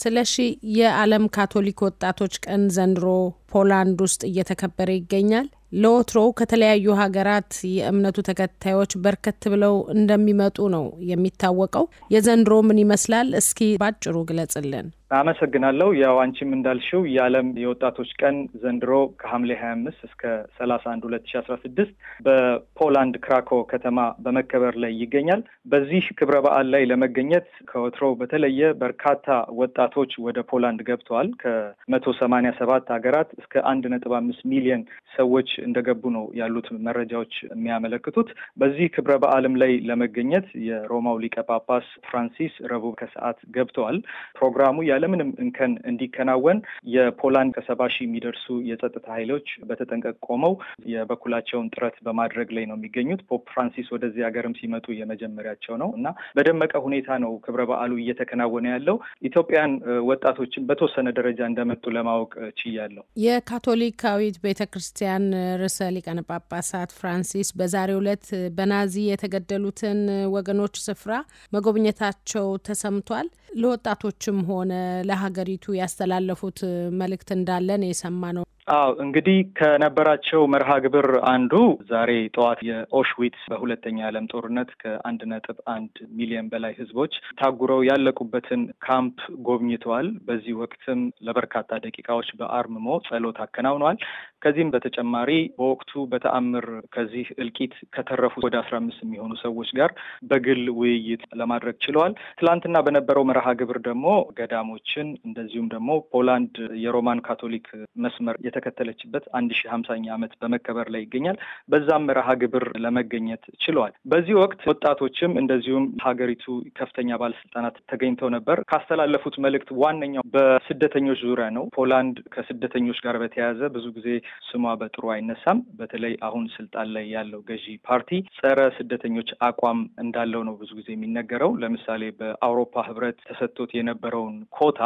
ስለሺ የዓለም ካቶሊክ ወጣቶች ቀን ዘንድሮ ፖላንድ ውስጥ እየተከበረ ይገኛል። ለወትሮው ከተለያዩ ሀገራት የእምነቱ ተከታዮች በርከት ብለው እንደሚመጡ ነው የሚታወቀው። የዘንድሮ ምን ይመስላል? እስኪ ባጭሩ ግለጽልን። አመሰግናለሁ። ያው አንቺም እንዳልሽው የዓለም የወጣቶች ቀን ዘንድሮ ከሐምሌ ሀያ አምስት እስከ ሰላሳ አንድ ሁለት ሺ አስራ ስድስት በፖላንድ ክራኮ ከተማ በመከበር ላይ ይገኛል። በዚህ ክብረ በዓል ላይ ለመገኘት ከወትሮ በተለየ በርካታ ወጣቶች ወደ ፖላንድ ገብተዋል። ከመቶ ሰማኒያ ሰባት ሀገራት እስከ አንድ ነጥብ አምስት ሚሊዮን ሰዎች እንደገቡ ነው ያሉት መረጃዎች የሚያመለክቱት። በዚህ ክብረ በዓልም ላይ ለመገኘት የሮማው ሊቀ ጳጳስ ፍራንሲስ ረቡዕ ከሰዓት ገብተዋል። ፕሮግራሙ ያለምንም እንከን እንዲከናወን የፖላንድ ከሰባ ሺህ የሚደርሱ የጸጥታ ኃይሎች በተጠንቀቅ ቆመው የበኩላቸውን ጥረት በማድረግ ላይ ነው የሚገኙት። ፖፕ ፍራንሲስ ወደዚህ ሀገርም ሲመጡ የመጀመሪያቸው ነው እና በደመቀ ሁኔታ ነው ክብረ በዓሉ እየተከናወነ ያለው። ኢትዮጵያን ወጣቶችን በተወሰነ ደረጃ እንደመጡ ለማወቅ ችያለሁ። የካቶሊካዊት ቤተ ክርስቲያን ርዕሰ ሊቃነ ጳጳሳት ፍራንሲስ በዛሬው ዕለት በናዚ የተገደሉትን ወገኖች ስፍራ መጎብኘታቸው ተሰምቷል። ለወጣቶችም ሆነ ለሀገሪቱ ያስተላለፉት መልእክት እንዳለን የሰማ ነው። አዎ እንግዲህ ከነበራቸው መርሃ ግብር አንዱ ዛሬ ጠዋት የኦሽዊትስ በሁለተኛ ዓለም ጦርነት ከአንድ ነጥብ አንድ ሚሊዮን በላይ ህዝቦች ታጉረው ያለቁበትን ካምፕ ጎብኝተዋል። በዚህ ወቅትም ለበርካታ ደቂቃዎች በአርምሞ ጸሎት አከናውነዋል። ከዚህም በተጨማሪ በወቅቱ በተአምር ከዚህ እልቂት ከተረፉ ወደ አስራ አምስት የሚሆኑ ሰዎች ጋር በግል ውይይት ለማድረግ ችለዋል። ትላንትና በነበረው መርሃ ግብር ደግሞ ገዳሞችን እንደዚሁም ደግሞ ፖላንድ የሮማን ካቶሊክ መስመር የተ የተከተለችበት አንድ ሺህ ሀምሳኛ ዓመት በመከበር ላይ ይገኛል። በዛም መርሃ ግብር ለመገኘት ችለዋል። በዚህ ወቅት ወጣቶችም እንደዚሁም ሀገሪቱ ከፍተኛ ባለስልጣናት ተገኝተው ነበር። ካስተላለፉት መልእክት ዋነኛው በስደተኞች ዙሪያ ነው። ፖላንድ ከስደተኞች ጋር በተያያዘ ብዙ ጊዜ ስሟ በጥሩ አይነሳም። በተለይ አሁን ስልጣን ላይ ያለው ገዢ ፓርቲ ጸረ ስደተኞች አቋም እንዳለው ነው ብዙ ጊዜ የሚነገረው። ለምሳሌ በአውሮፓ ህብረት ተሰጥቶት የነበረውን ኮታ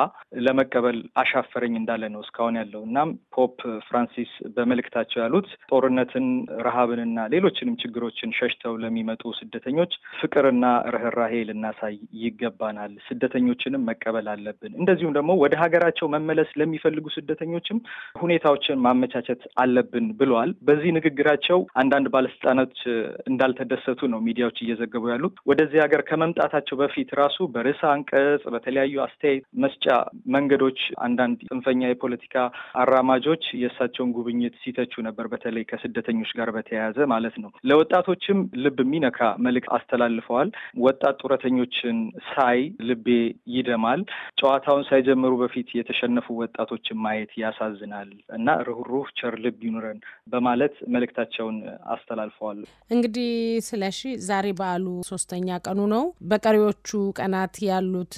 ለመቀበል አሻፈረኝ እንዳለ ነው እስካሁን ያለው። እናም ፖፕ ፖፕ ፍራንሲስ በመልእክታቸው ያሉት ጦርነትን፣ ረሃብንና ሌሎችንም ችግሮችን ሸሽተው ለሚመጡ ስደተኞች ፍቅርና ርኅራሄ ልናሳይ ይገባናል። ስደተኞችንም መቀበል አለብን። እንደዚሁም ደግሞ ወደ ሀገራቸው መመለስ ለሚፈልጉ ስደተኞችም ሁኔታዎችን ማመቻቸት አለብን ብለዋል። በዚህ ንግግራቸው አንዳንድ ባለስልጣናት እንዳልተደሰቱ ነው ሚዲያዎች እየዘገቡ ያሉት። ወደዚህ ሀገር ከመምጣታቸው በፊት ራሱ በርዕሰ አንቀጽ በተለያዩ አስተያየት መስጫ መንገዶች አንዳንድ ጽንፈኛ የፖለቲካ አራማጆች ሰዎች የእሳቸውን ጉብኝት ሲተቹ ነበር፣ በተለይ ከስደተኞች ጋር በተያያዘ ማለት ነው። ለወጣቶችም ልብ የሚነካ መልእክት አስተላልፈዋል። ወጣት ጡረተኞችን ሳይ ልቤ ይደማል። ጨዋታውን ሳይጀምሩ በፊት የተሸነፉ ወጣቶችን ማየት ያሳዝናል እና ርኅሩኅ ቸር ልብ ይኑረን በማለት መልእክታቸውን አስተላልፈዋል። እንግዲህ ስለሺ ዛሬ በዓሉ ሶስተኛ ቀኑ ነው። በቀሪዎቹ ቀናት ያሉት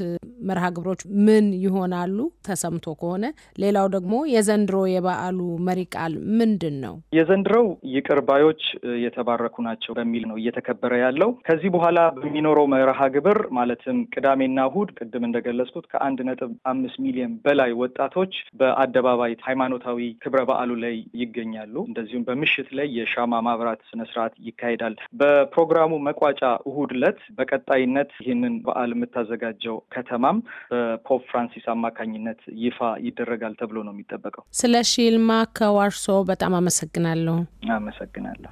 መርሃ ግብሮች ምን ይሆናሉ? ተሰምቶ ከሆነ ሌላው ደግሞ የዘንድሮ የበ የበዓሉ መሪ ቃል ምንድን ነው? የዘንድሮው ይቅር ባዮች የተባረኩ ናቸው በሚል ነው እየተከበረ ያለው። ከዚህ በኋላ በሚኖረው መርሃ ግብር ማለትም ቅዳሜና እሁድ ቅድም እንደገለጽኩት ከአንድ ነጥብ አምስት ሚሊዮን በላይ ወጣቶች በአደባባይ ሃይማኖታዊ ክብረ በዓሉ ላይ ይገኛሉ። እንደዚሁም በምሽት ላይ የሻማ ማብራት ስነስርዓት ይካሄዳል። በፕሮግራሙ መቋጫ እሁድ ዕለት በቀጣይነት ይህንን በዓል የምታዘጋጀው ከተማም በፖፕ ፍራንሲስ አማካኝነት ይፋ ይደረጋል ተብሎ ነው የሚጠበቀው። ስለሺ ይልማ ከዋርሶ በጣም አመሰግናለሁ። አመሰግናለሁ።